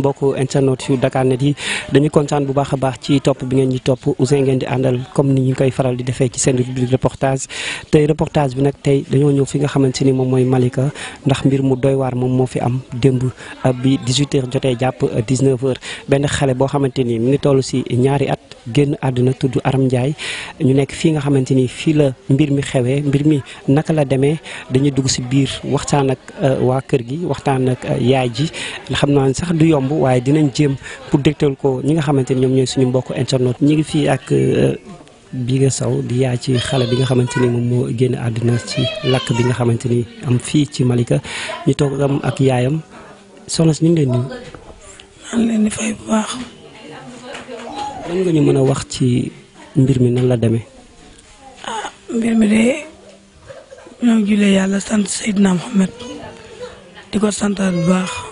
mbokku internet yu Dakar Net yi dañu kontaan bu baax a baax ci topp bi ngeen ñi topp Ouzin ngeen di àndal comme ni ñu koy faral di defee ci seen rubrique reportage tey reportage bi nag tey dañoo ñëw fi nga xamante ni moom mooy Malika ndax mbir mu doy waar moom moo fi am démb bi 18 heures jotee jàpp 19 heures benn xale boo xamante ni mu ngi tollu si ñaari at génn àdduna tudd Aram Ndiaye ñu nekk fii nga xamante ni fii la mbir mi xewee mbir mi naka la demee dañuy dugg si biir waxtaan ak euh, waa kër gi waxtaan ak euh, yaay ji yomb waaye dinañ jéem pour dégtal ko ñi nga xamante ni ñoom ñooy suñu mbokk internet ñi ngi fii ak euh, bi nga saw di yaay ci xale bi nga xamante ni moom moo génn àdduna ci lakk bi nga xamante ni am fii ci Malika ñu toog am ak yaayam soxna si ñu ngi leen di. maa leen di fay bu baax. mën a wax ci mbir mi nan la demee. ah mbir mi de ñoo jullee yàlla sant Seydina Mohamed di ko santaat bu baax.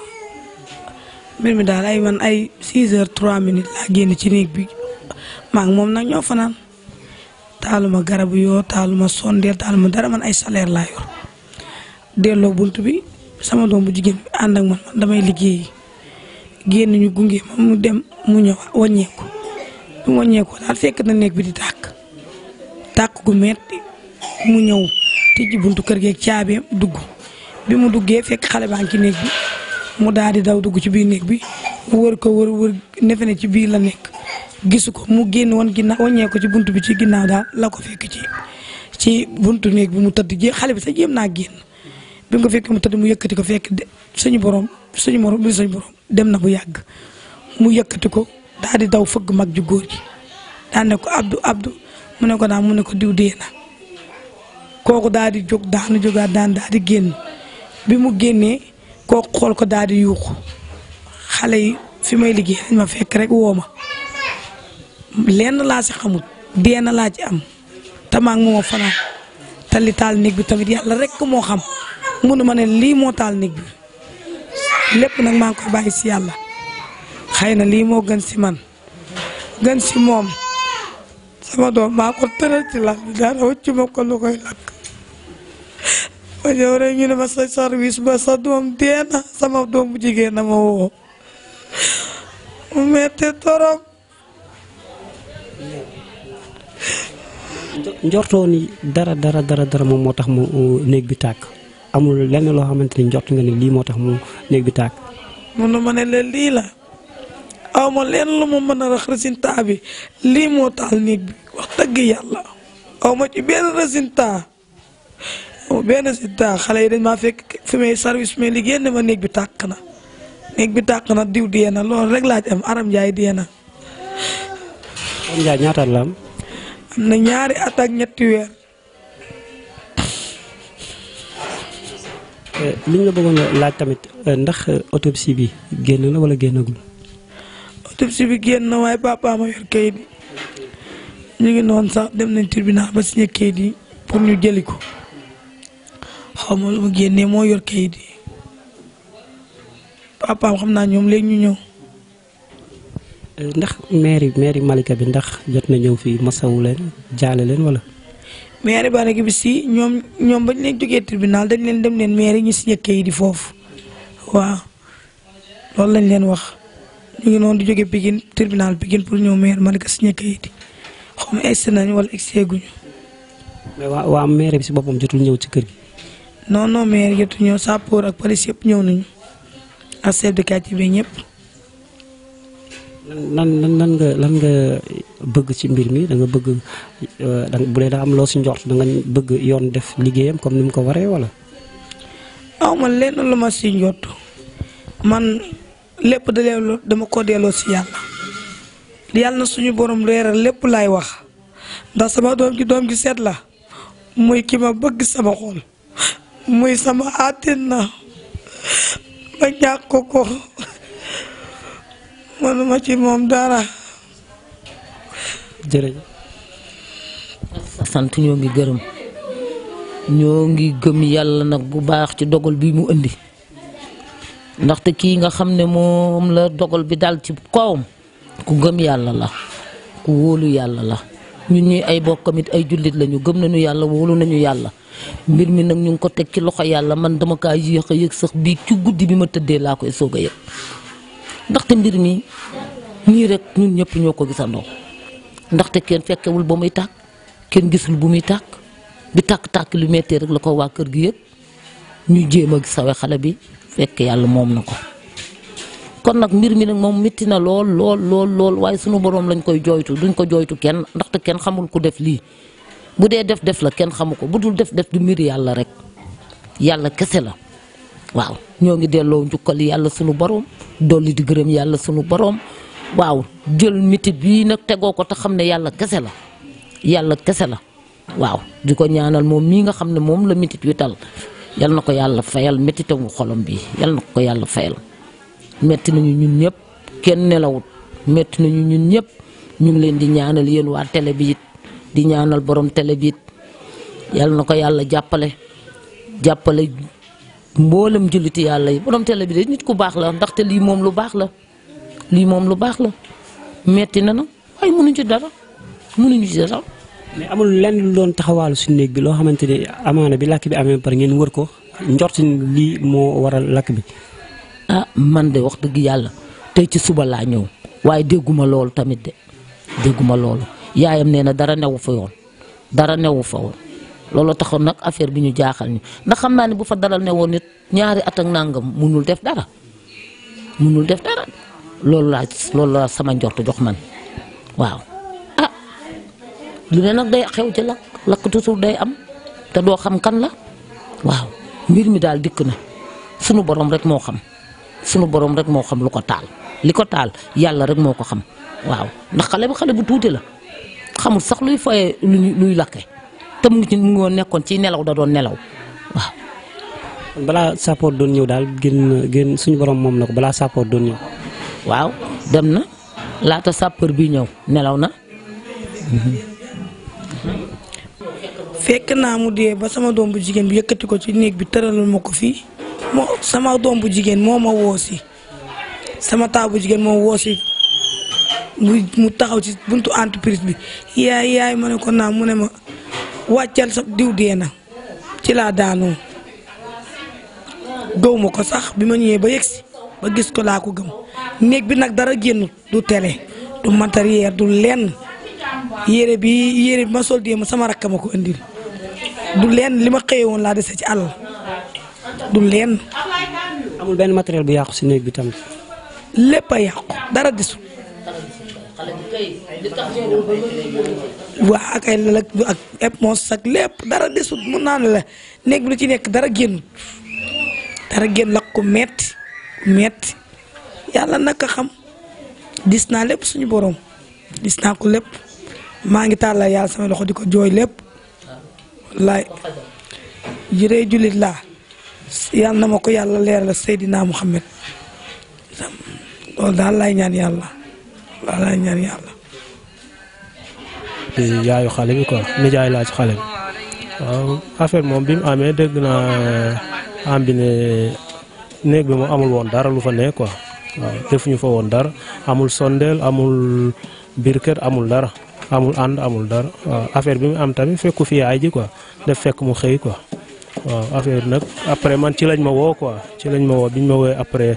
mbir mi daal ay man ay 6 heures 3 minutes laa génn ci néeg bi maa moom nag ñoo fanaan taaluma garabu yoo taaluma sondeel taaluma dara man ay salaire laa yor delloo bunt bi sama doom bu jigéen bi ànd man man damay liggéey génn ñu gunge ma mu dem mu ñëw wàññeeku bi mu daal fekk na néeg bi di tàkk tàkk gu metti mu ñëw tijji bunt kër geeg caabeem dugg bi mu duggee fekk xale baa ngi ci néeg bi mu daal di daw dugg ci biir néeg bi wër ko wër wër nefe ne ci biir la nekk gisu ko mu génn woon ginnaaw wàññee ko ci bunt bi ci ginnaaw daal la ko fekk ci ci bunt néeg bi mu tëdd jé xale bi sax jéem naa génn bi nga fekk mu tëdd mu yëkkati ko fekk suñu borom suñu morom bi suñu dem na bu yàgg mu yëkkati ko daal di daw fëgg mag ju góor ji daal ne ko Abdou mu ne ko naa mu ne ko diw dee na kooku daal di jóg daanu jógaat daan daal di génn bi mu génnee kooku xool ko daal di yuuxu xale yi fi may liggéey dañ ma fekk rek woo ma laa si xamut dee laa ci am tamaa ak moom a fanaan te taal néeg bi tamit yàlla rekk moo xam munu ma ne lii moo taal néeg bi lépp nag maa ngi koy bàyyi si yàlla xëy na lii moo gën si man gën si moom sama doom maa ko tëral ci lal bi dara wëccu ma ko lu koy lakk ma ñëw rek ñu ma sa service ba sa doom dee na sama doom jigéen na ma woo mu metti torop njortoo ni dara dara dara dara moom moo tax mu néeg bi tàkk amul lenn loo xamante ni njort nga ni lii moo tax mu néeg bi tàkk munu ma ne la lii la aw ma leen lu ma mën a rax résultat bi lii moo taal néeg bi wax dëgg yàlla aw ma ci benn résultat benn si temps xale yi dañ ma fekk fi may service mais li génn ma néeg bi tàkk na néeg bi tàq na diw dee na loolu rek laa am Aram Ndiaye dee na. ñaata la am. am na ñaari at ak ñetti weer. Eh, li ñu la bëggoon laaj tamit eh, ndax eh, autopsie bi génn na wala génnagul. autopsie bi génn na waaye papaama yor kayit yi ñu ngi noonu sax dem nañ tribunal ba signé kayit yi pour ñu jëli ko. waaw moom la ma génnee moo yor kayit yi papaam xam naa ñoom léegi ñu ñëw. ndax mairie mairie Malika bi ndax jot na ñëw fii masawu leen jaale leen wala. mairie Malika bi si ñoom ñoom bañ leen jógee tribunal dañ leen dem leen mairie ñu signé kayit yi foofu waaw loolu lañ leen wax ñu ngi noonu di jógee Pikine tribunal Pikine pour ñëw mairie Malika signé kayit yi xaw ma egsi nañ wala egsi guñu. mais waa waa mairie bi si boppam jotul ñëw ci kër gi. non non maire jotu ñëw sappoor ak police yëpp ñëw nañu ak chef de quartier bi ñëpp. nan nan nga lan nga bëgg ci mbir mi da nga bëgg euh, bu dee daa am loo si njort da nga bëgg yoon def liggéeyam comme ni mu ko waree wala. aw man lenn lu ma si njort man lépp da leen dama ko delloo si yàlla yàlla na suñu borom leeral lépp laay wax ndax sama doom gi doom gi seet la muy ki ma bëgg sama xool muy sama àddina ba ñàkk ko mënuma ci moom dara jërëjëf sant ñoo ngi gërëm ñoo ngi gëm yàlla nag bu baax ci dogal bi mu indi ndaxte kii nga xam ne moom la dogal bi dal ci kawam ku gëm yàlla la ku wóolu yàlla la ñun ñuy ay bokkam it ay jullit lañu gëm nañu yàlla wóolu nañu yàlla mbir mi nag ñu ngi ko teg ci loxo yàlla man dama kaa yéex a yëg sax bii ci guddi bi ma tëddee laa koy soog a yëg ndaxte mbir mi nii rek ñun ñëpp ñoo ko gisandoo ndaxte kenn fekkewul ba muy tàkk kenn gisul bu muy tàkk bi tàkk-tàkk lu méttee rek la ko waa kër gi yëg ñu jéem a sawe xale bi fekk yàlla moom na ko kon nag mbir mi nag moom métti na lool lool lool lool waaye sunu borom lañ koy jooytu duñ ko jooytu kenn ndaxte kenn xamul ku def lii bu dee def def la kenn xamu ko bu dul def def du miir yàlla rek yàlla kese la waaw ñoo ngi delloo njukkal yàlla sunu boroom dool di gërëm yàlla sunu boroom waaw jël mitit bii nag tegoo ko te xam ne yàlla kese la yàlla kese la waaw di ko ñaanal moom mii nga xam ne moom la mitit wi tal yal na ko yàlla fayal métitamu xolom bi yal na ko yàlla fayal metti nañu ñun ñëpp kenn nelawut metti nañu ñun ñëpp ñu ngi leen di ñaanal yéen waa télé bi di ñaanal borom télé bi yàlla na ko yàlla jàppale jàppale mboolem julliti yàlla yi borom télé bi de nit ku baax la ndaxte lii moom lu baax la lii moom lu baax la metti na na waaye mënuñ ci dara mënuñ ci dara. mais amul lenn doon taxawaalu suñu néeg bi loo xamante ni amaana bi làkk bi amee par ngeen wër ko njort lii moo waral làkk bi. ah man de wax dëgg yàlla tey ci suba laa ñëw waaye dégguma loolu tamit de dégguma loolu. yaayam nee na dara newu fa yoon dara newu fa woon loolu taxoon nag affaire bi ñu jaaxal ñu ndax xam naa ne bu fa dara newoon nit ñaari at ak nangam munul def dara munul def dara loolu laa loolu sama njort jox man waaw ah lu ne nag day xew ci lakk lakk toujours day am te doo xam kan la waaw mbir mi daal dikk na sunu boroom rek moo xam sunu boroom rek moo xam lu ko taal li ko taal yàlla rek moo ko xam waaw ndax xale bu xale bu tuuti la. xamul sax luy foyee eh, luy luy lakke te mu ngi ci mu ngi woon nekkoon ci nelaw da doon nelaw waaw. balaa sappoor doon ñëw daal génn suñu boroom moom na ko balaa sappoor doon ñëw. waaw dem na laata sappoor bi ñëw nelaw na. fekk naa mu dee ba sama doom bu jigéen bi yëkkati ko ci néeg bi tëralal ma ko fii moo sama doom bu jigéen moo ma woosi sama taabu jigéen moo woosi muy mu taxaw ci buntu entreprise bi yaay yaay ma ne ko naa mu ne ma wàccal sa diw dee na ci laa daanoo gëw ma ko sax bi ma ñëwee ba yegsi ba gis ko laa ko gëm néeg bi nag dara génn du télé du matériel du lenn yére bi yére bi ma sol dee ma sama rakk ma ko indil du lenn li ma xëyee woon laa dese ci àll du lenn. amul benn matériel bu yàqu si néeg bi tamit. lépp a yàqu dara desul. waaw ak ay lal ak ak éponse ak lépp dara desut mun naa ne la néeg bi lu ci nekk dara génn dara génn la ku metti metti yàlla naka xam dis naa lépp suñu boroom dis naa ko lépp maa ngi tàllal yàlla sama loxo di ko jooy lépp wallaay jëree jullit laa yàlla na ma ko yàlla leeral Seydina Muhammad loolu daal laay ñaan yàlla loolu laay ñaan yàlla. di yaayu xale bi quoi nijaay laa ci xale affaire moom bi mu amee dégg naa euh, am bi ne néeg bi moom amul woon dara lu fa ne quoi waaw dara amul sondeel amul biir kër amul dara amul ànd amul dara waaw affaire bi mu am tamit fekku fi yaay ji quoi def fekk mu xëy quoi waaw affaire nag après man ci lañ ma woo quoi ci lañ ma woo biñ ma woowee après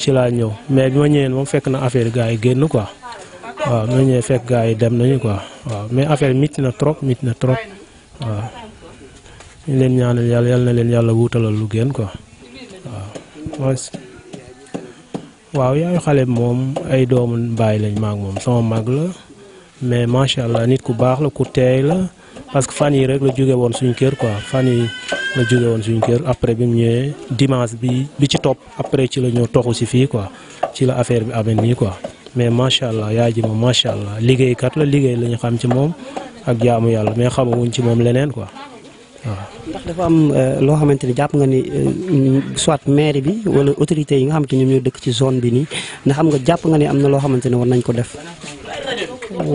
ci laa ñëw mais bi ma ñëwee moom fekk na affaire gars yi génn ko waaw ñoo ñëwee fekk gars yi dem nañu quoi waaw mais affaire métti na trop métti na trop waaw ñu leen ñaanal yàlla na leen yàlla wuutalal lu gën quoi waaw. waaw yaayu xale moom ay doomu bàyyi lañ maag moom sama mag la mais macha allah nit ku baax la ku teey la parce que fan yi rek la jóge woon suñ kër quoi fan yi la jóge woon suñ kër après bi mu ñëwee dimanche bi bi ci topp après ci la ñëw toxu si fii quoi ci la affaire bi amee nii quoi. mais macha allah yaay ji moom macha allah liggéeykat la liggéey la xam ci moom ak jaamu yàlla mais xamaguñ ci moom leneen quoi waaw. ndax dafa am euh, loo xamante ni jàpp nga ni euh, soit maire bi wala autorité yi nga xamante ni ñoom dëkk ci zone bi nii nga xam nga jàpp nga ni am na loo xamante ne war nañ ko def.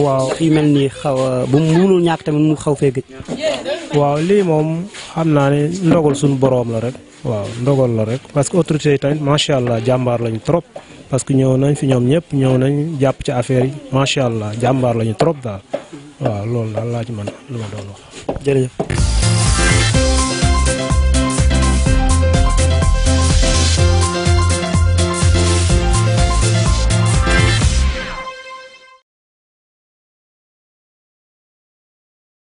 waaw fii mel ni xaw bu mu munul ñàkk tamit mu xaw fee waaw lii moom xam naa ne ndogal suñu boroom la rek. waaw ndogal la rek parce que autorité yi tamit macha allah jàmbaar lañu trop. parce que ñëw nañ fi ñoom ñëpp ñëw nañ jàpp ci affaire yi macha allah jàmbaar lañu trop daal waaw loolu daal laa ci mën lu ma doon wax